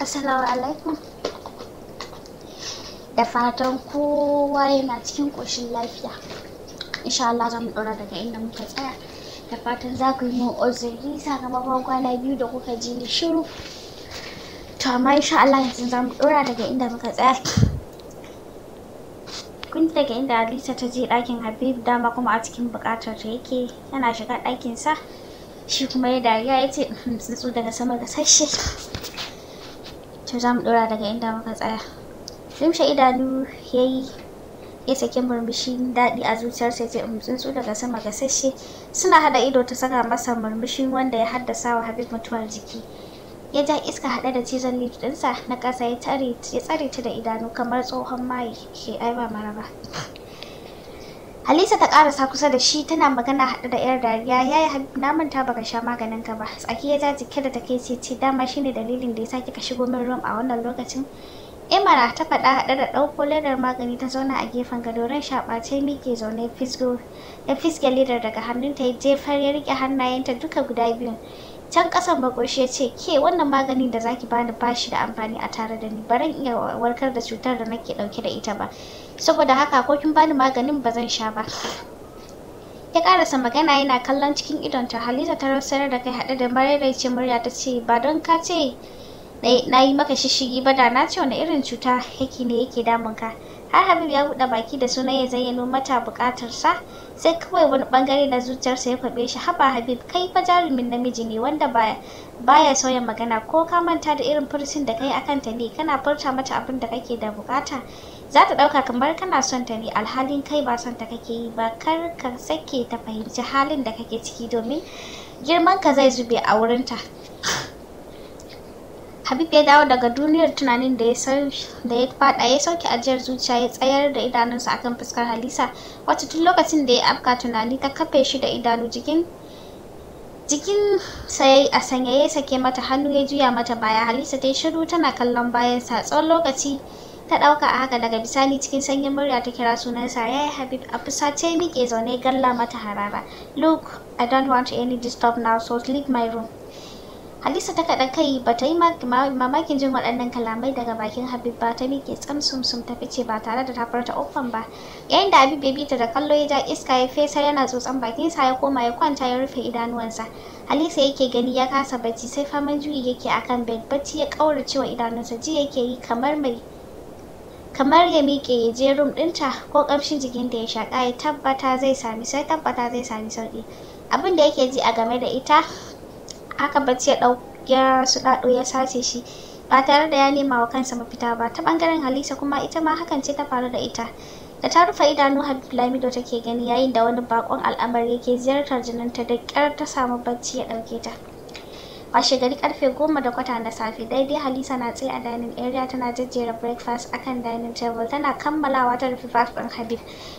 Assalamu alaikum. Da fatan kowa yana cikin ƙoshin lafiya. Insha Allah za mu ɗora daga inda muka tsaya. Da fatan za ku yi min uzuri sakamakon kwana biyu da kuka ji ni shiru. To amma insha Allah yanzu za mu ɗora daga inda muka tsaya. Kun daga inda Alisa ta je ɗakin Habib dama kuma a cikin buƙatar ta yake yana shiga ɗakinsa. shi kuma ya dariya ya ce uhm, tsutsu daga sama ga sashe to za mu ɗora daga inda muka tsaya limshe idanu ya yi ya sake murmushin daɗi a zuciyarsa ce mm, tsuntsu daga sama gasasshe suna hada ido ta saka masa murmushin wanda ya haddasa wa habib mutuwar jiki ya ja iska haɗe da cizon ɗinsa na kasa ya tsare ta da idanu kamar tsohon mai ke aiba maraba Alisa ta karasa kusa da shi tana magana hada da yar dariya yayi Habib na manta baka sha maganin ka ba. ya ta jike da take ce ce dama shine dalilin da ya yasa ka shigo min room a wannan lokacin. Imara ta faɗa haɗe da ɗauko ledar magani ta zauna a gefen gado ran shaɓace mike zaune fisgo ya fiske ledar daga hannunta ya jefar ya riƙe hannayenta duka guda biyun. can kasan bakoshi ya ce ke wannan maganin da zaki bani bashi da amfani a tare da ni baran iya warkar da cutar da nake ɗauke da ita ba saboda haka ko kin bani maganin ba zan sha ba ya karasa magana yana kallon cikin idonta halitta ta rasar da kai haɗe da maraice murya ta ce ba don ka ce na yi maka shishigi ba da na ce wani irin cuta yake ne yake damun ka har habib ya buɗe baki da suna ya zayyano mata buƙatarsa sai kawai wani bangare na zuciyarsa ya kwaɓe shi haba habib kai fa jarumin namiji ne wanda baya ya sauya magana ko ka manta da irin furcin da kai akan ta ne kana furta mata abin da kake da bukata? za ta ɗauka kamar kana son ta ne alhalin kai ba son ta kake yi ba kar ka sake ta fahimci halin da kake ciki domin girman ka zai zube a wurinta habib ya dawo daga duniyar tunanin da ya fada ya sauke ajiyar zuciya ya tsayar da idanunsa akan fuskar halisa wacce tun lokacin da ya afka tunani ta kafe shi da idanu jikin jikin sai a sanyaye sake mata hannu ya juya mata baya halisa ta yi shiru tana kallon bayansa tsawon lokaci ta ɗauka a haka daga bisani cikin sanyin murya ta kira sunansa ya eh, yi habib a ce mike zaune galla mata harara look i don't want any disturb now so leave my room Halisa ta kaɗa kai ba ta yi mamakin jin waɗannan kalamai daga bakin Habib ba ta miƙe tsam sum ta fice ba tare da ta ofan ba. Yayin da Habib ya bita da kallo ya ja iska ya fesa yana tsotsan sa ya koma ya kwanta ya rufe idanuwansa. Halisa yake gani ya kasa bacci sai faman juyi yake akan bed bacci ya kauracewa idanunsa ji yake yi kamar mai kamar ya miƙe ya je rum ɗinta ko ƙamshin ta ya shaƙa ya tabbata zai sami sai tabbata zai sami sauƙi abin da yake ji a game da ita haka bacci ya ya su ɗaɗo ya sace shi ba tare da ya nema wa kansa mafita ba ta ɓangaren halisa kuma ita ma hakan ce ta faru da ita da ta rufe idanu habib lamido take gani yayin da wani bakon al'amari yake ziyartar jinin ta da ƙyar ta samu bacci ya ɗauke ta washe gari karfe goma da kwata na safe daidai halisa na tsaye a dining area tana jejjera breakfast akan dining table tana kammalawa ta rufe bag ɗin habib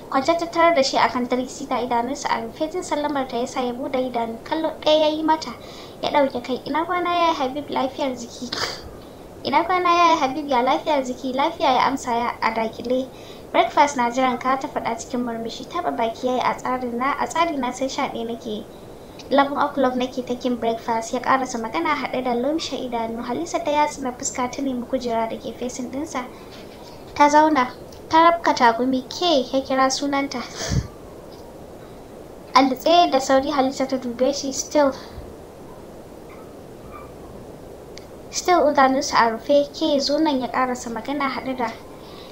kwance ta tarar da shi a akan tarisita idanunsa a rufe jin sallamar ta yasa ya buɗe idanu kallo ɗaya ya yi mata ya ɗauke kai ina kwana ya habib lafiyar jiki ina kwana ya habib ya lafiyar jiki lafiya ya amsa ya a dakile breakfast na jiran ka ta faɗa cikin murmushi taɓa baki ya a tsari na a tsari sai sha ɗaya nake 11 na nake taking breakfast ya karasa magana haɗe da lumshe idanu halisa ta yatsa na fuska ta nemi kujera da ke fesin ɗinsa ta zauna ta rabka tagumi ke ya kira sunanta alitse da sauri halisa ta dube shi still still idanunsa a rufe ke zunan ya karasa magana haɗe da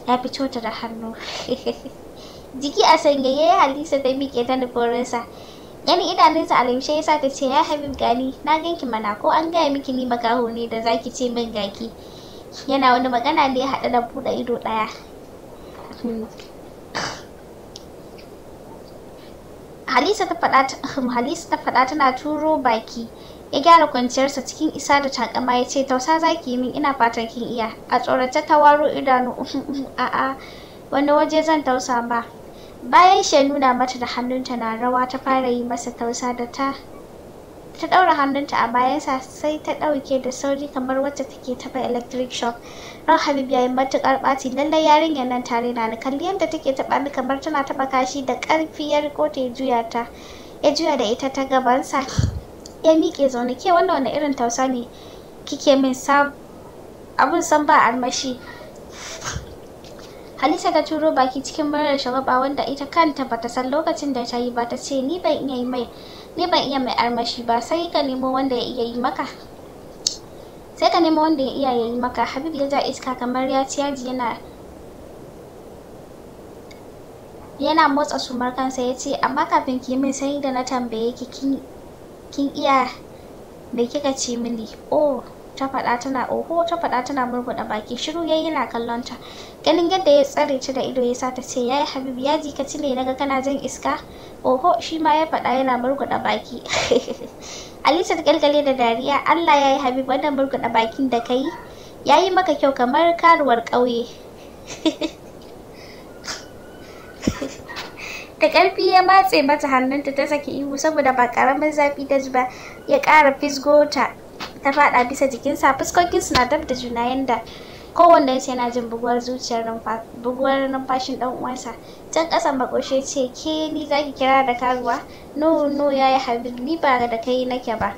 ya fito ta da hannu jiki a sanyaye halisa ta miƙe ta nuforinsa Ganin idanunsa a limshe ya sa ta ce ya Habib gani na ganki mana ko an gaya miki ni makaho ne da zaki ce min gaki. Yana wani magana da ya haɗa da buɗe ido ɗaya. Halisa ta faɗa tana turo baki. ya gyara kwanciyarsa cikin isa da takama ya ce tausa zaki min ina fatan kin iya a tsorace ta waro idanu a'a wani waje zan tausa ba bayan shi ya nuna mata da hannunta na rawa ta fara yi masa tausa da ta ta ɗaura hannunta a bayansa sai ta ɗauke da sauri kamar wacce take taɓa electric shock ran habib yayi matukar matuƙar ɓaci lallai yarinyar nan tare na kalli yadda take taɓa ni kamar tana taɓa kashi da ƙarfi ya riko ta juya ta ya juya da ita ta gabansa ya miƙe zaune ke wannan wani irin tausa ne kike min abun san ba armashi Halisa ta turo baki cikin murar shagaba wanda ita kanta bata san lokacin da ta yi ba ta ce ni ban iya yi mai ni ban iya mai armashi ba sai ka nemo wanda ya iya yi maka sai ka nemo wanda ya iya yi maka Habib ya ja iska kamar ya ci yaji yana yana motsa sumar kansa ya ce amma kafin ki min sai da na tambaye ki kin iya me kika ce mini oh ta faɗa tana oho ta faɗa tana murguɗa baki shiru yayi yana kallon ta ganin yadda ya tsare ta da ido ya sa ta ce yayi habib ya ji ka ne naga kana jan iska oho shi ma ya faɗa yana murguɗa baki alisa ta kalkale da dariya allah ya yi habib wannan murguɗa bakin da ka yi ya yi maka kyau kamar karuwar ƙauye da ƙarfi ya matse mata hannunta ta saki ihu saboda ba ƙaramin zafi da ji ba ya ƙara fisgo ta ta faɗa bisa jikinsa fuskokinsu na dab da juna yanda kowanne sai yana jin buguwar zuciyar buguwar numfashin dan uwansa can kasan bakoshe ce ke ni zaki kira da karuwa no no yayi habib ni ba da kai nake ba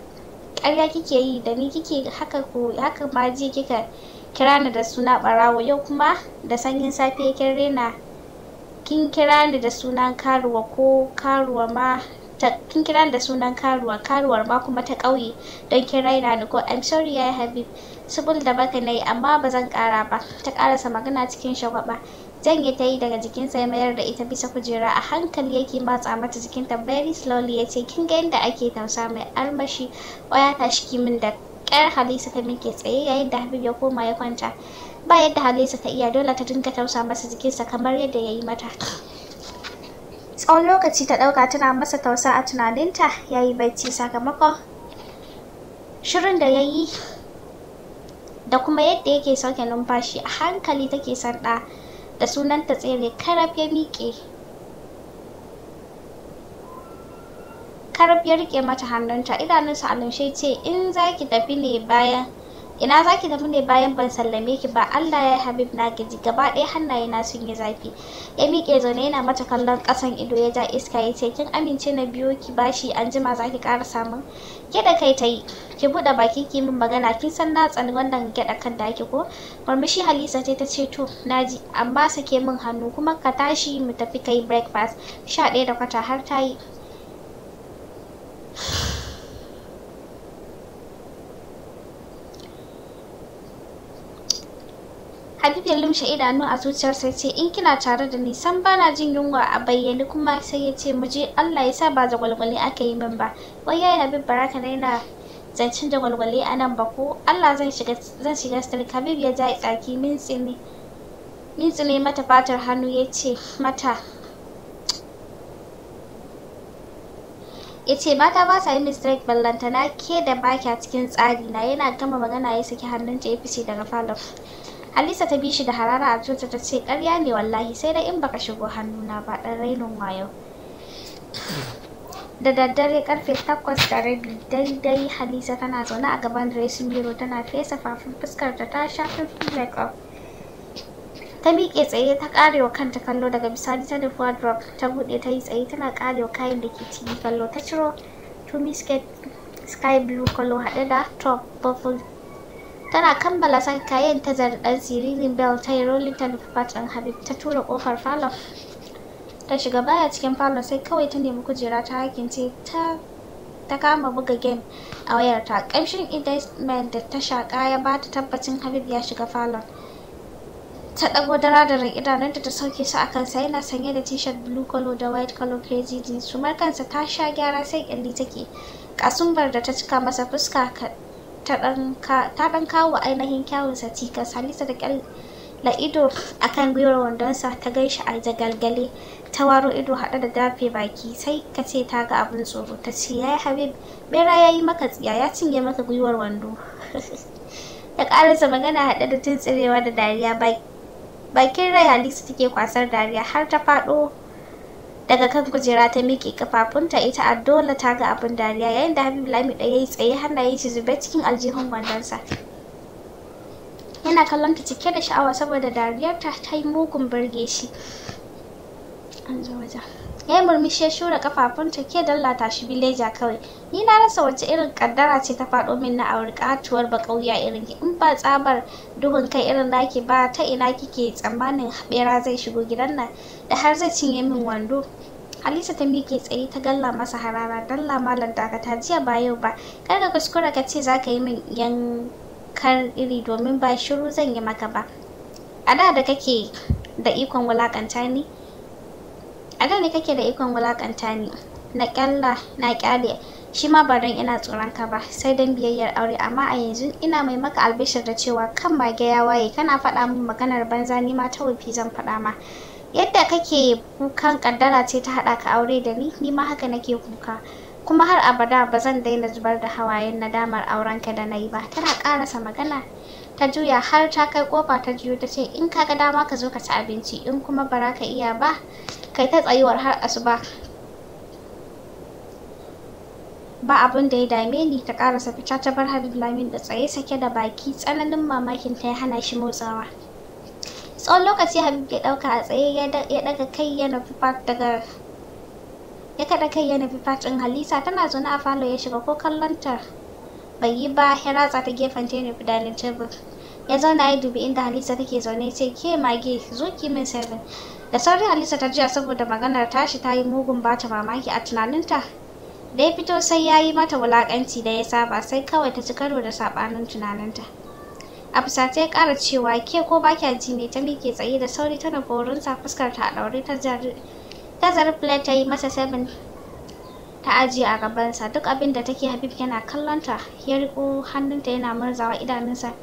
ƙarya kike yi da ni kike haka ko haka ma ji kika kira ni da suna barawo yau kuma da sanyin safe kin rena kin kira ni da sunan karuwa ko karuwa ma ta kin kira da sunan karuwa karuwar ma kuma ta ƙauye don kin raina ni ko I'm sorry yayi Habib subul da baka na yi amma ba zan ƙara ba ta ƙarasa magana cikin shagwaba janye ta yi daga jikinsa ya mayar da ita bisa kujera a hankali yake matsa mata jikinta very slowly ya ce kin ga yadda ake tausa mai armashi waya ta shiki da ƙyar halisa ta mike tsaye yayin da habib ya koma ya kwanta ba yadda halisa ta iya dole ta dinga tausa masa jikinsa kamar yadda ya yi mata tsawon lokaci ta ɗauka tana masa tausa a tunaninta ya yi bacci sakamakon shirin da ya yi da kuma yadda yake sauke numfashi a hankali take sanda da sunanta tsere karaf ya miƙe karaf ya riƙe mata hannunta idanunsa a lumshe ce in za ki tafi ne bayan ina zaki ki tafi ne bayan ban sallame ki ba allah ya habib na gaji gaba ɗaya hannaye na sun yi zafi ya miƙe zaune yana mata kallon ƙasan ido ya ja iska ya ce kin amince na biyo ki bashi an jima za ki ƙara samun da kai ta yi ki buɗe baki ki min magana kin san na tsani wannan gyaɗa kan da ake ko murmushi halisa ce ta ce to naji amma sake min hannu kuma ka tashi mu tafi kai breakfast sha ɗaya da kwata har ta yi Habib ya lumshe idanu a zuciyarsa ce in kina tare da ni san bana jin yunwa a bayyane kuma sai ya ce mu je Allah ya sa ba gwalgwale aka yi min ba. Wai yayi Habib baraka na yana zancen gwalgwale a nan ba ko Allah zan shiga zan shiga Habib ya ja tsaki min tsini. Min tsini mata fatar hannu ya ce mata ya mata ba sa yin mistake ballantana ke da baki a cikin tsari na yana gama magana ya saki hannun ta ya fice daga falon Halisa ta bi shi da harara a cuta ta ce ƙarya ne wallahi sai da in baka shigo hannuna ba ɗan rainon wayo. Da daddare karfe takwas da rabi daidai Halisa tana zaune a gaban dressing biro tana fesa fafin fuskar ta sha makeup. Ta miƙe tsaye ta ƙarewa kanta kallo daga bisani ta nufi wardrobe ta buɗe ta yi tsaye tana ƙarewa kayan da ke kallo ta ciro tumi sky blue kallo haɗe da top purple tana kammala san kayan ta zarɗar siririn bell ta yi rolling ta nufi fatan habib ta tura kofar falon ta shiga baya cikin falon sai kawai ta nemi kujera ta hakin ce ta kama buga game a wayarta ƙamshin investment da ta shaƙa ya ba ta tabbacin habib ya shiga falon ta ɗago daradarin idanunta ta sauke su a kansa yana sanye da t blue color da white color crazy jeans sumar kansa ta sha gyara sai kyalli take kasumbar da ta cika masa fuska ta ɗan kawo ainihin kyawun sa cikas salisa da kyalla ido a kan gwiwar wandonsa ta gaishe a jagalgale ta waro ido haɗe da dafe baki sai ka ce ta ga abin tsoro ta ce ya yi habib bera ya yi maka tsiya ya cinye maka gwiwar wando ta ƙarasa magana haɗe da tuntsirewa da dariya bakin rai halisa take kwasar dariya har ta faɗo daga kan kujera ta miƙe kafafunta ita a dole ta ga abin dariya yayin da Habib Lami ɗaya ya tsaye hannaye ci zube cikin aljihun wandonsa. Yana kallon ta cike da sha'awa saboda dariyarta ta yi mugun burge shi. An zo wajen. ya yi murmushi ya shura ta ke dallata shi bileja kawai ni na rasa wace irin kaddara ce ta faɗo min na auri katuwar bakauya irin ki in ba tsabar duhun kai irin naki ba ta ina kike tsammanin bera zai shigo gidan nan da har zai cinye min wando Halisa ta miƙe tsaye ta galla masa harara dalla malam dakata jiya ba yau ba kar ka kuskura ka ce za ka yi min yankar iri domin ba shiru zan yi maka ba a da da kake da ikon wulakanta ni a da me kake da ikon wulakanta ni na kyalla na kyale shi ma ba don ina tsoron ka ba sai don biyayyar aure amma a yanzu ina mai maka albishir da cewa kan mage ya waye kana faɗa min maganar banza ni ma ta wufi zan faɗa ma yadda kake kukan kaddara ce ta haɗa ka aure da ni ni ma haka nake kuka kuma har abada ba zan daina zubar da hawayen nadamar aurenka da na yi ba tana karasa magana ta juya har ta kai kofa ta juyo ta ce in ka ga dama ka zo ka ci abinci in kuma bara ka iya ba kai ta tsayuwar har asuba ba abin da ya dame ni ta karasa fita ta bar habib lamin da tsaye sake da baki tsananin mamakin ta ya hana shi motsawa tsawon lokaci habib ya dauka a tsaye ya daga kai ya nufi daga ya kada kai yana halisa tana zaune a falo ya shiga ko kallon ta bai yi ba ya ratsa ta gefen tenif dining table ya zauna ya dubi inda halisa take zaune sai, ce ke mage zo ki min seven da sauri, halisa ta jiya saboda maganar tashi ta yi mugun bata mamaki a tunaninta da ya fito sai ya yi mata wulakanci da ya saba sai kawai ta ci karo da sabanin tunaninta a fusace ya kara cewa ke ko ba kya ji ne ta mike tsaye da sauri tana borinsa fuskar ta a ɗaure ta zari ta ta yi masa seven ta ajiye a gabansa duk abin da take habib yana kallonta ya riko hannunta yana murzawa idanunsa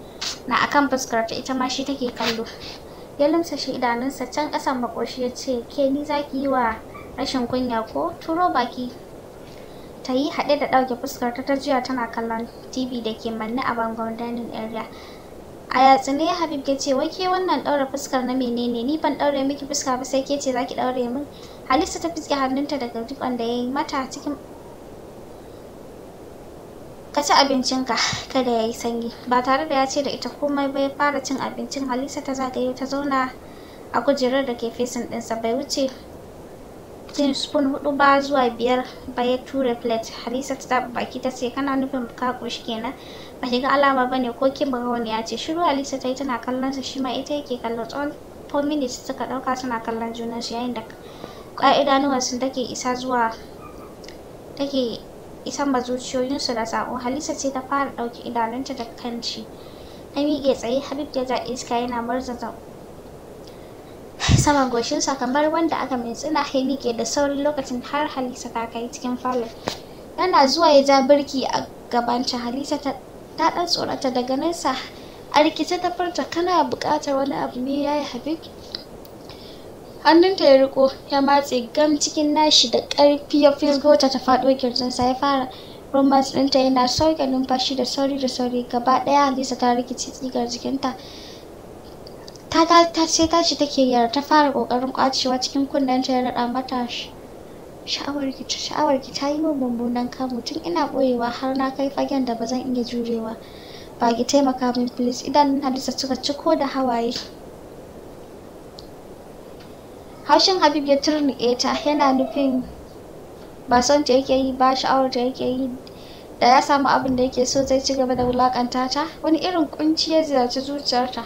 na akan fuskarta ita ma shi take kallo ya limsa shi idanunsa can kasan makoshi ya ce ke ni za ki yi wa rashin kunya ko turo baki ta yi haɗe da ɗauke fuskarta ta jiya tana kallon tv da ke manne a bangon dining area a yatsune habib ya ce wai ke wannan ɗaure fuskar na menene ni ban ɗaure miki fuska ba sai ke ce za ki ɗaure min Halisa ta fiske hannunta daga rikon da ya yi mata cikin ka ci abincinka kada ya yi sanyi ba tare da ya ce da ita komai bai fara cin abincin halisa ta zagaye ta zauna a kujerar da ke fesin ɗinsa bai wuce cin spoon hudu ba zuwa biyar ba ya tura plate halisa ta taɓa baki ta ce kana nufin ka ƙoshi kenan ba ki ga alama ba ne ko kin ba wani ya ce shiru halisa ta yi tana kallon sa shi ma ita yake kallon tsawon 4 minutes suka ɗauka suna kallon junansu yayin da ƙwai sun take isa zuwa take isan ba zuciyoyinsu da saƙo halisa ce ta fara ɗauki idanunta da kanci ta miƙe tsaye habib ya ja iska yana murzaza sama goshinsa kamar wanda aka mai tsina ya miƙe da saurin lokacin har halisa ta kai cikin falon yana zuwa ya ja birki a gabanta halisa ta ɗan tsorata daga nesa a rikice ta farta kana buƙatar wani abu ne ya yi habib hannunta ya riko ya matse gam cikin nashi da ƙarfi ya fisgo ta ta faɗo sa ya fara rumbas ɗinta yana sauke numfashi da sauri da sauri gaba ɗaya halisa ta rikice tsigar jikinta ta ta ce ce take yara ta fara kokarin kwacewa cikin kunnenta ya rada mata sha'awar ki sha'awar ki ta yi min mummunan kamu tun ina boyewa har na kai fagen da ba zan iya jurewa ba ki taimaka min please idan halisa suka ciko da hawaye haushin habib ya turnuƙe ta yana nufin ba son ta yake yi ba sha'awar ta yake yi da ya samu abin da yake so zai ci gaba da wulakanta ta wani irin kunci ya ziyarci zuciyarta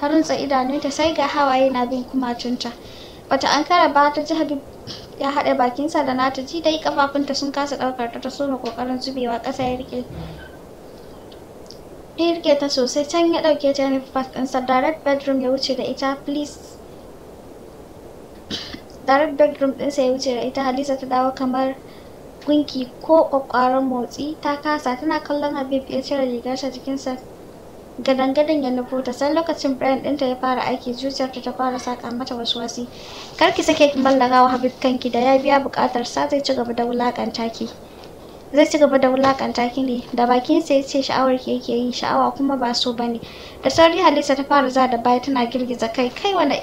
ta runtsa idanunta sai ga hawaye na bin kumatunta bata ankara ba ta ji habib ya haɗa bakinsa da nata ji dai kafafunta sun kasa ɗaukar ta ta soma kokarin zubewa ƙasa ya rike ya ta sosai can ya ɗauke ta nufi fas ɗinsa direct bedroom ya wuce da ita please direct bedroom ɗinsa ya wuce da ita Hadiza ta dawo kamar gunki ko ƙwaƙwaran motsi ta kasa tana kallon Habib ya cire rigarsa jikinsa gadan-gadan ya nufo ta san lokacin Brian ɗinta ya fara aiki zuciyar ta fara saka mata wasu wasi kar ki sake ki ballagawa Habib kanki da ya biya buƙatar sa zai ci gaba da wulakanta ki zai ci gaba da wulakanta ki ne da bakin ya ce sha'awar ki yake yi sha'awa kuma ba so bane da sauri Halisa ta fara za da baya tana girgiza kai kai wani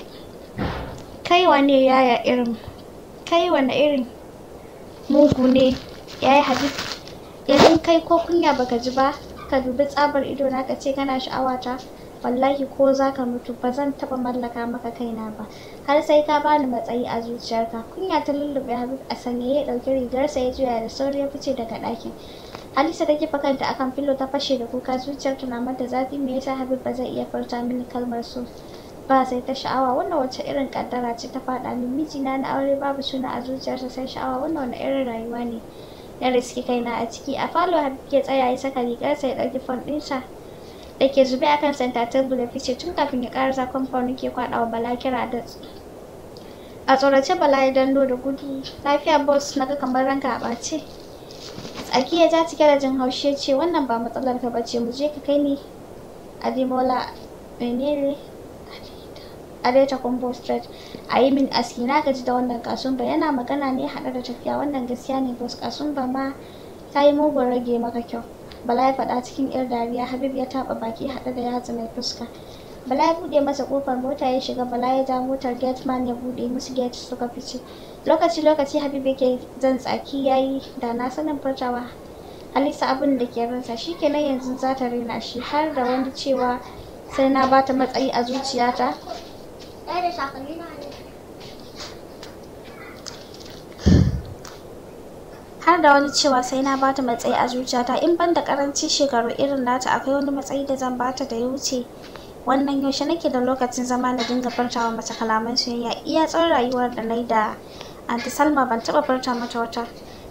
kai wane yaya irin kai wane irin mugu ne yayi hadis kai ko kunya baka ji ba ka dubi tsabar ido na ka ce kana sha'awata wallahi ko za ka mutu ba zan taɓa mallaka maka kaina ba har sai ka bani matsayi a zuciyarka kunya ta lullube habib a sanye ya ɗauki rigarsa ya juya da sauri ya fice daga ɗakin Halisa ta kifa kanta akan filo ta fashe da kuka zuciyar na mata zafi me yasa Habib ba zai iya furta mini kalmar so ba sai ta sha'awa wannan wace irin kaddara ce ta faɗa min mijina na aure babu suna a zuciyarsa sai sha'awa wannan wani irin rayuwa ne na riski kaina a ciki a falo ke tsaya ya saka rigarsa ya ɗauki fon ɗinsa da ke zube a kan santa tebul ya fice tun kafin ya ƙarasa kwamfan ke kwaɗa wa bala kira da a tsorace bala ya dando da gudu lafiya Bos na ga kamar ranka a ɓace ya ja cike da jin haushi ya ce wannan ba matsalar ka ce mu je ka kai ni adimola menene Aleta compost Street a yi min aski na gaji da wannan kasumba yana magana ne haɗe da tafiya wannan gaskiya ne boss kasumba ma ta yi mugun rage maka kyau Bala ya faɗa cikin yar dariya Habib ya taɓa baki haɗe da yatsa mai fuska Bala ya buɗe masa kofar mota ya shiga Bala ya ja motar gate man ya buɗe musu gate suka fice lokaci lokaci Habib yake zan tsaki yayi da na sanin furtawa Halisa abin da ke ransa shikenan yanzu za ta rena shi har da wani cewa sai na bata matsayi a zuciyata Har da wani cewa sai na bata matsayi a zuciyata in ban da karancin shekaru irin nata akwai wani matsayi da zan bata da ya wuce wannan yaushe nake da lokacin zama na dinga wa mace kalaman soyayya iya tsawon rayuwar da na yi da anti salma ban taba furta mata wata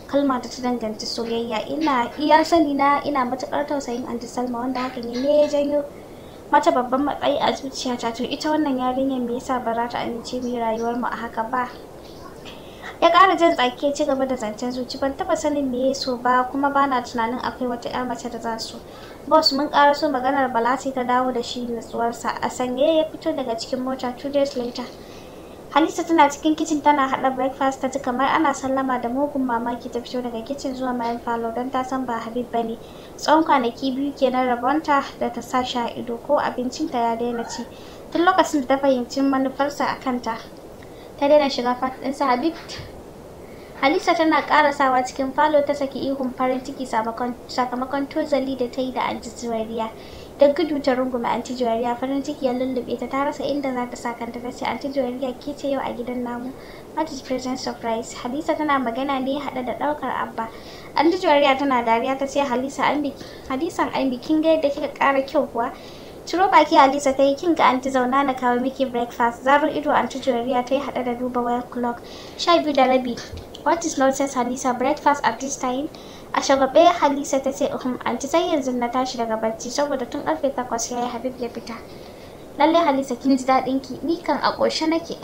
kalma da ta danganci soyayya ina iya sani na ina matuƙar tausayin anti salma wanda hakan ne ya janyo mata babban matsayi a zuciyata to ita wannan yarinyar me yasa ba za ta amince mu rayuwar mu a haka ba ya kara jin tsaki ci gaba da zancen zuci ban taɓa sanin me ya so ba kuma ba na tunanin akwai wata 'yar mace da za su boss mun kara so maganar balasi ta dawo da shi natsuwarsa a sanye ya fito daga cikin mota two days later Halisa tana cikin kicin tana haɗa breakfast ta ji kamar ana sallama da mugun mamaki ta fito daga kicin zuwa mayan falo don ta san ba Habib ba ne. Tsawon kwanaki biyu kenan rabonta da ta sasha sha ido ko abincin ta ya daina ci. Tun lokacin da ta fahimci manufarsa a kanta, ta daina shiga fatinsa Habib. Halisa tana karasawa cikin falo ta saki ihun farin ciki sakamakon tozali da ta yi da Ajiz da gudu ta runguma anti juwariya farin ciki ya lullube ta ta rasa inda za ta sa kanta ta ce anti juwariya ke ce yau a gidan namu what is present surprise halisa tana magana ne hada da ɗaukar abba anti juwariya tana dariya ta ce halisa an biki halisan an bikin ga da kika ƙara kyau kuwa ciro baki halisa ta yi kin ga anti zauna na kawo miki breakfast zaro ido anti juwariya ta yi haɗe da duba wa clock sha biyu da rabi what is nonsense halisa breakfast at this time a shagabe halisa ta ce uhum anti sai yanzu na tashi daga barci saboda tun karfe takwas yayi habib ya fita lallai halisa kin ji daɗin ki ni kan a ƙoshe nake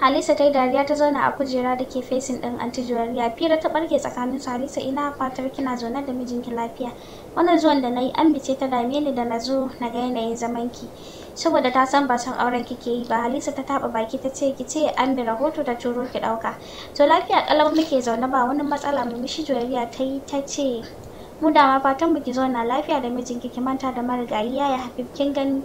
Halisa ta dariya ta zauna a kujera da ke fesin ɗin anti Juwariya. Fira ta ɓarke tsakanin su Halisa ina fatar kina zaune da mijinki lafiya. Wannan zuwan da na yi an bice ta dame ni da na zo na ga yanayin zamanki. Saboda ta san ba san auren kike yi ba Halisa ta taɓa baki ta ce ki ce an bi rahoto da turo ki ɗauka. To lafiya ƙalau muke zaune ba wani matsala murmushi Juwariya ta yi ta ce mu dama fatan mu ki zauna lafiya da mijinki ki manta da marigayi yaya Habib kin gani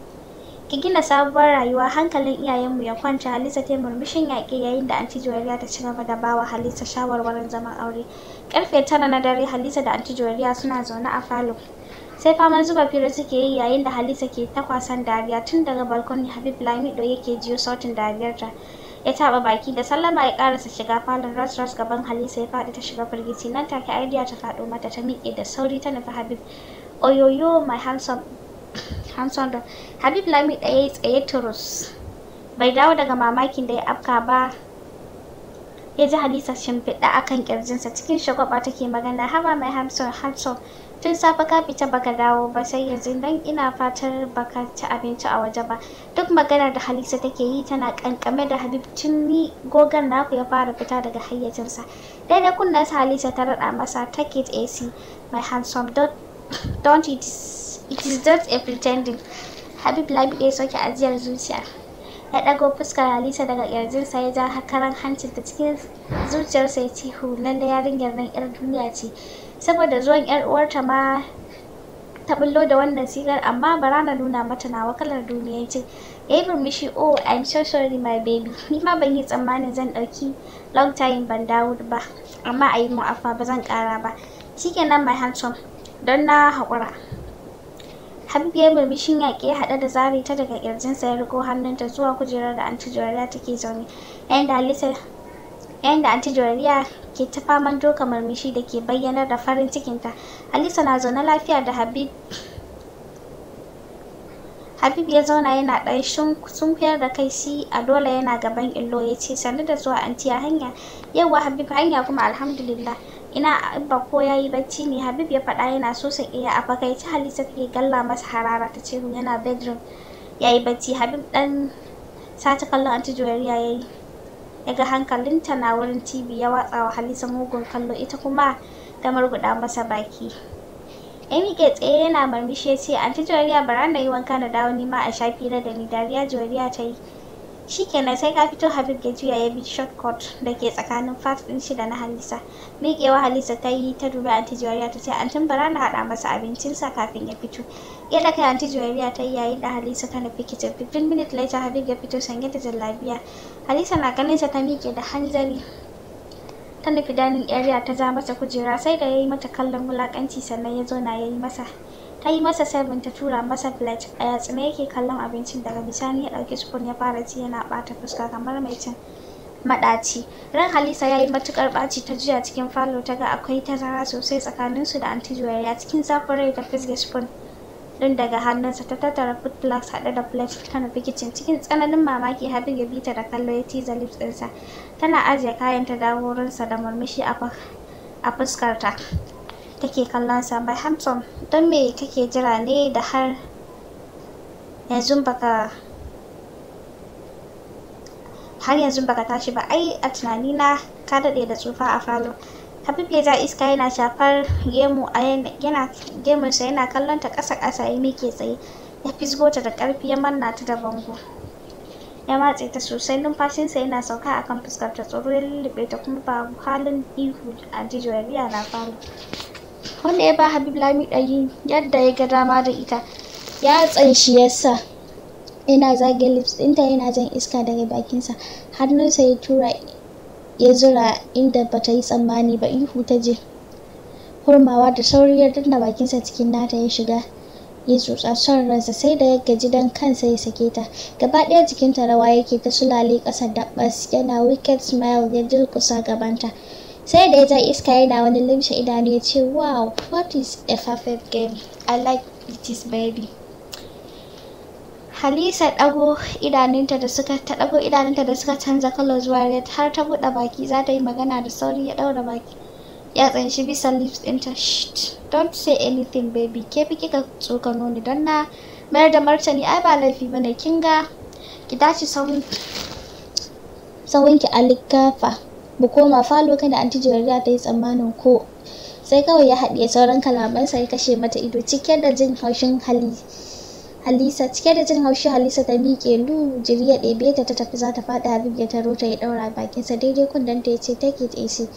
ki gina sabuwar rayuwa hankalin iyayenmu ya kwanta Halisa ta murmushin yaƙi yayin da anti Juwariya ta ci gaba da bawa Halisa shawarwarin zaman aure karfe tara na dare Halisa da anti Juwariya suna zaune a falo sai faman zuba fira suke yi yayin da Halisa ke takwasan dariya tun daga balkoni Habib Lamido yake jiyo sautin dariyarta ya taɓa baki da sallama ya karasa shiga falon ras ras gaban Halisa ya faɗi ta shiga firgici nan take ariya ta faɗo mata ta miƙe da sauri ta nufi Habib oyoyo my handsome hamsin da habib lami ɗaya tsaye turus bai dawo daga mamakin da ya afka ba ya ji halisa shimfiɗa a kan ƙirjinsa cikin shagwaba take magana haba mai hamsin hamsin tun safe ka fita baka dawo ba sai yanzu dan ina fatar baka ci abinci a waje ba duk maganar da halisa take yi tana kankame da habib tun ni gogan naku ya fara fita daga hayyacinsa daidai kunna sa halisa ta raɗa masa take it ac my handsome don't, don't It is just a pretending. Habib Labi ya soke ajiyar zuciya. Ya ɗago fuskar Halisa daga sa ya ja hakaran ta cikin zuciyarsa ya ce na da yarinyar nan 'yar duniya ce. Saboda zuwan 'yar uwarta ma ta bullo da wannan sigar amma bara na nuna mata na kalar duniya ce ya yi murmushi oh i'm so sorry my baby ni ma ban yi tsammanin zan ɗauki long time ban dawo ba amma a yi mu'afa ba zan ƙara ba shikenan my handsome don na haƙura Habib ya murmushin yaƙi haɗe da zari ta daga ƙirjinsa ya riko hannunta zuwa kujerar da Anti Jorariya take zaune. Yayin da yayin ke ta faman doka murmushi da ke bayyanar da farin cikinta. alisa na zaune lafiya da Habib Habib ya zauna yana ɗan sunkuyar da kai shi a dole yana gaban illo ya ce sannu da zuwa anti a hanya yauwa Habib hanya kuma alhamdulillah ina abba ko ya yi bacci ne habib ya faɗa yana so sa iya a fakaici halisa ke galla masa harara ta ce yana bedroom ya yi bacci habib dan sata kallon anti juwariya ya yi daga hankalinta na wurin tv ya watsa wa halisa mugun kallo ita kuma ta murguda masa baki ya miƙe tsaye yana murmushi ya ce anti juwariya bara na yi wanka da dawo nima a shafi da ni dariya juwariya ta yi shi shikenan sai ka fito Habib ya juya ya bi shortcut da ke tsakanin fat ɗin shida na Halisa miƙewa Halisa ta yi ta dubi anti Juwariya ta ce antin bara na haɗa masa abincin sa kafin ya fito ya kai anti Juwariya ta yi yayin da Halisa ta nufi kitchen 15 minutes later Habib ya fito sanye da jallabiya Halisa na ganin sa ta miƙe da hanzari ta nufi dining area ta ja masa kujera sai da ya yi mata kallon wulakanci sannan ya zo na ya yi masa ta yi masa seven ta tura masa plate a na yake kallon abincin daga bisani ya ɗauki spoon ya fara ci yana bata fuska kamar mai cin maɗaci ran halisa ya yi matuƙar ɓaci ta juya cikin falo ta ga akwai tazara sosai tsakanin su da anti juwariya cikin zafin rai ta fisge spoon ɗin daga hannunsa ta tattara food plugs haɗe da plate ta nufi cikin tsananin mamaki habib ya bita da kallo ya tiza lips ɗinsa tana ajiye kayan ta dawo wurinsa da murmushi a fuskarta take kallon sa bai don me kake jira ne da har yanzu baka har yanzu baka tashi ba ai a tunani na ka daɗe da tsufa a falo habib ya ja iska yana shafar gemu a yana gemunsa yana kallon ta ƙasa ƙasa ya ke tsaye ya fisgo ta da ƙarfi ya manna ta da bango ya matse ta sosai numfashinsa yana sauka akan fuskar ta tsoro ya lullube ta kuma babu halin ihu a jijiyoyi na falo wanda ya ba habib lami ɗari yadda ya ga dama da ita ya tsanshi yasa yana zage lips ɗinta yana jan iska daga bakinsa hannunsa ya tura ya zura inda ba ta yi tsammani ba ihu ta je Hurmawa da sauri ya danna bakinsa cikin nata ya shiga ya tsotsa son sai da ya gaji don kansa ya sake ta gaba ɗaya jikinta rawa yake ta sulale ƙasa da yana wicked smile ya durkusa gabanta sai da ya ja iska yana wani limshe idanu ya ce wow what is a perfect game i like it is baby halisa dago idanunta da suka ta dago idanunta da suka canza kalo zuwa red har ta buɗe baki za ta yi magana da sauri ya ɗaura baki ya tsanshi bisa lips ɗinta shit. don't say anything baby ke fi kika tsokano ni don na mayar da martani ai ba laifi bane kin ga ki dace saurin saurin ki a mu koma falo kada anti jarida ta yi tsammanin ko sai kawai ya haɗiye sauran kalamansa ya kashe mata ido cike da jin haushin hali Halisa cike da jin haushi Halisa ta miƙe lu jiriya ɗebe ta ta tafi za ta faɗi Habib ya taro ta ya ɗaura bakinsa daidai kundan ta ya ce take it easy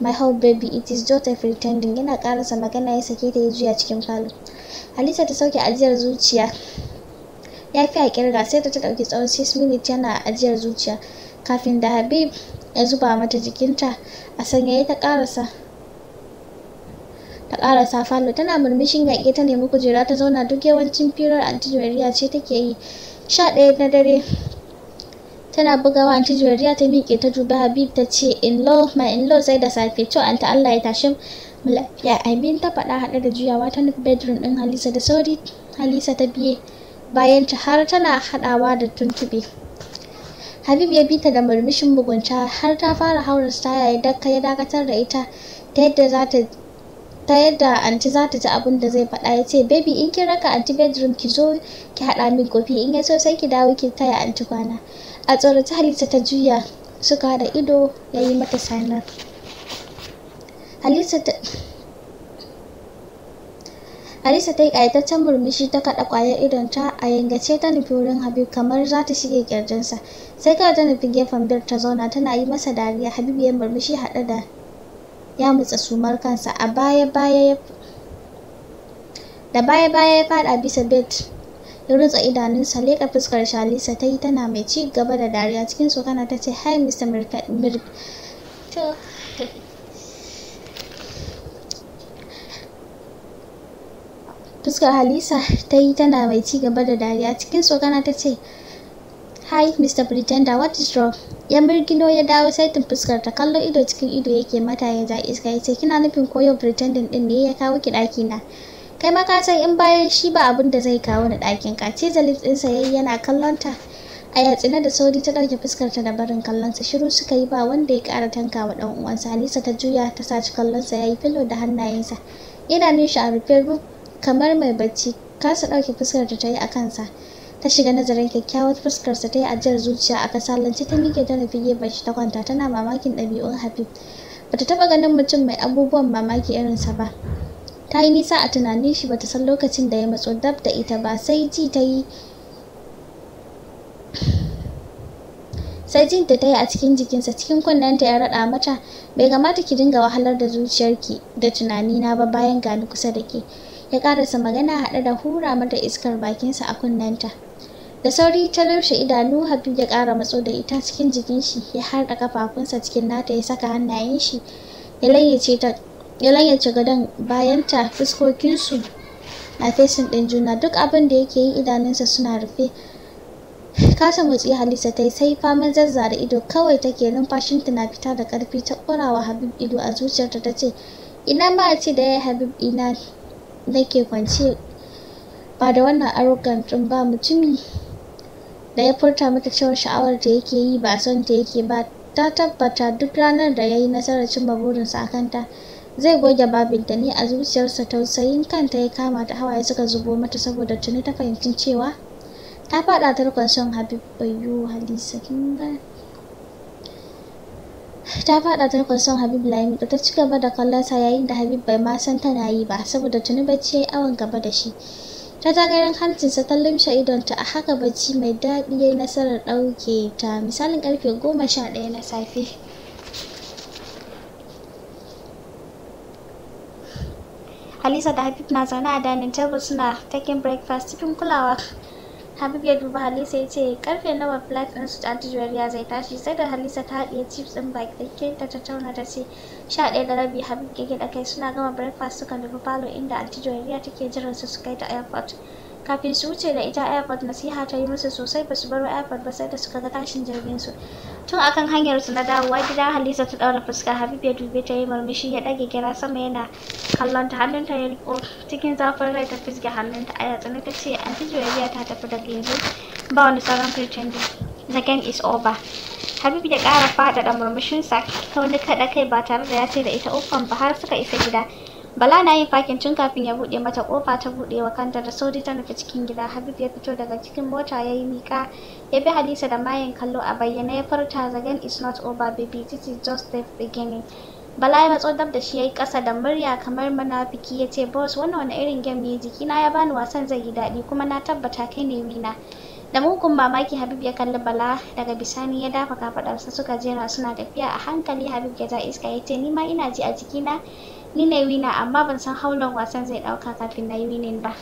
my whole baby it is just a pretending yana ƙarasa magana ya sake ta ya juya cikin falo Halisa ta sauke ajiyar zuciya ya fi a kirga sai ta ta ɗauki tsawon 6 minutes yana ajiyar zuciya kafin da Habib ya zuba mata jikinta a sanyaye ta karasa ta karasa falo tana murmushin yaƙe ta nemi kujera ta zauna duk yawancin firar antijoriya ce take yi sha ɗaya na dare tana bugawa antijoriya ta miƙe ta dubi habib ta ce in law my in law sai da safe to anta allah ya tashi mu lafiya amin ta faɗa haɗe da juyawa ta nufi bedroom ɗin halisa da sauri halisa ta biye bayan ta har tana haɗawa da tuntuɓe. Habib ya bita da murmushin mugunta har ta fara haura staya idan ka ya dakatar da ita ta yadda za ta anti za ta ji abin da zai faɗa ya ce baby in kira raka anti bedroom ki zo ki haɗa min kofi in ya so ki dawo ki taya anti kwana a tsorata halitta ta juya suka da ido ya yi mata sanar Harisa ta yi ƙayataccen murmushi ta kaɗa ƙwayar idon ta a yangace ta nufi wurin Habib kamar za ta shige ƙirjinsa. Sai kawai ta nufi gefen bir ta zauna tana yi masa dariya Habib ya murmushi haɗe da ya mutsa sumar kansa a baya baya ya da baya baya ya faɗa bisa bed ya rutsa idanunsa leƙa fuskar Shalisa ta yi tana mai ci gaba da dariya cikin tsokana ta ce hi Mr. fuskar halisa ta yi tana mai ci gaba da dariya cikin tsokana ta ce hi mr pretender what is wrong yan birgino ya dawo saitin fuskar ta kallon ido cikin ido yake mata ya ja iska ya ce kina nufin koyon pretender din ne ya kawo ki daki na kai ma ka san in bayan shi ba abin da zai kawo na dakin ka ce zalif ɗinsa yayi yana kallon ta a yatsina da sauri ta ɗauke fuskarta da barin kallon sa shiru suka yi ba wanda ya ƙara tanka wa dan uwansa halisa ta juya ta saci kallonsa ya yi filo da hannayensa idanun shi a rufe kamar mai bacci kasa ɗauke fuskar da ta yi a kansa ta shiga nazarin kyakkyawar fuskarsa ta yi ajiyar zuciya a kasalance ta miƙe ta nufi gefen shi ta kwanta tana mamakin ɗabi'un habib bata taɓa ganin mutum mai abubuwan mamaki irinsa ba ta yi nisa a tunanin shi bata san lokacin da ya matso dab da ita ba sai ji ta yi sai jin ta tayi a cikin jikinsa cikin kunnenta ya raɗa mata bai kamata ki dinga wahalar da zuciyarki da tunanina ba bayan gani kusa da ke ya karasa magana haɗe da hura mata iskar bakinsa a kunnenta da sauri ta lumshe idanu habib ya ƙara matso da ita cikin jikin shi ya harda kafafunsa cikin nata ya saka hannayen shi ya layyace ta ya gadon bayanta fuskokinsu a fesin ɗin juna duk abin da yake yi idanunsa suna rufe kasa motsi halisa ta yi sai faman zazzara ido kawai take numfashinta na fita da karfi ta wa habib ido a zuciyarta ta ce ina ma ce da ya habib ina nake kwance ba da wannan arugan ɗin ba mutumi da ya furta mata cewa sha'awar da yake yi ba son ta yake ba ta tabbata duk ranar da ya yi nasarar cimma burinsa a kanta zai goge babinta ne a zuciyarsa tausayin kanta ya kama ta hawaye suka zubo mata saboda tuni ta fahimci cewa ta faɗa tarkon son habib bai halisa kin ta faɗa tarkon Habib Lami da ta ci gaba da kallasa yayin da Habib bai ma san tana yi ba saboda tuni bacci ya yi awon gaba da shi. Ta tagarin hancinsa ta idon idonta a haka bacci mai daɗi ya yi nasarar ɗauke ta misalin karfe goma sha ɗaya na safe. Halisa da Habib na zaune a dining table suna taking breakfast cikin kulawa Habib ya duba Halisa ya ce karfe nawa flight din su Aunty ya zai tashi sai da Halisa ta haɗiye chips ɗin baki da ta tauna ta ce sha ɗaya da rabi Habib ya gida kai suna gama breakfast suka nufi falo inda Aunty ya take jiran su su kai ta airport. kafin su wuce da ita airport nasiha ta yi musu sosai ba su baro airport ba sai da suka ga tashin jirgin su tun akan hanyar su na dawowa gida halisa ta daura fuska habib ya dube ta yi murmushi ya dage gira sama yana kallon ta hannunta ya riko cikin zafin rai ta fisge hannunta a yatsuna ta ce anti joyayya ta tafi daga yanzu ba wani sauran pretending the game is over Habib ya ƙara faɗaɗa murmushinsa ta wani kaɗa kai ba tare da ya ce da ita uffan ba har suka isa gida Bala na yin fakin tun kafin ya buɗe mata kofa ta buɗe kanta da sauri ta nufi cikin gida Habib ya fito daga cikin mota ya yi miƙa ya bi Halisa da mayan kallo a bayyana ya farta the game is not over baby this is just the beginning. Bala ya matso dab da shi ya yi ƙasa da murya kamar munafiki ya ce boss wannan wani irin game ne jikina ya bani wasan zai yi daɗi kuma na tabbata kai ne wina. da mugun mamaki habib ya kalli bala daga bisani ya dafa kafadarsa suka jera suna tafiya a hankali habib ya ja iska ya ce ni ma ina ji a jikina ni na yi na amma ban san haulon wasan zai ɗauka kafin na yi winin ba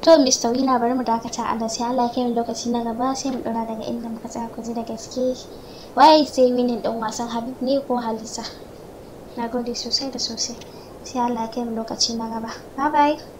to mr wina bari mu dakata Allah, sai Allah ya kai lokaci na gaba sai mu ɗora daga inda muka tsaya ku ji da gaske waye sai winin ɗin wasan habib ne ko halisa na gode sosai da sosai sai Allah ya kai lokaci na gaba bye bye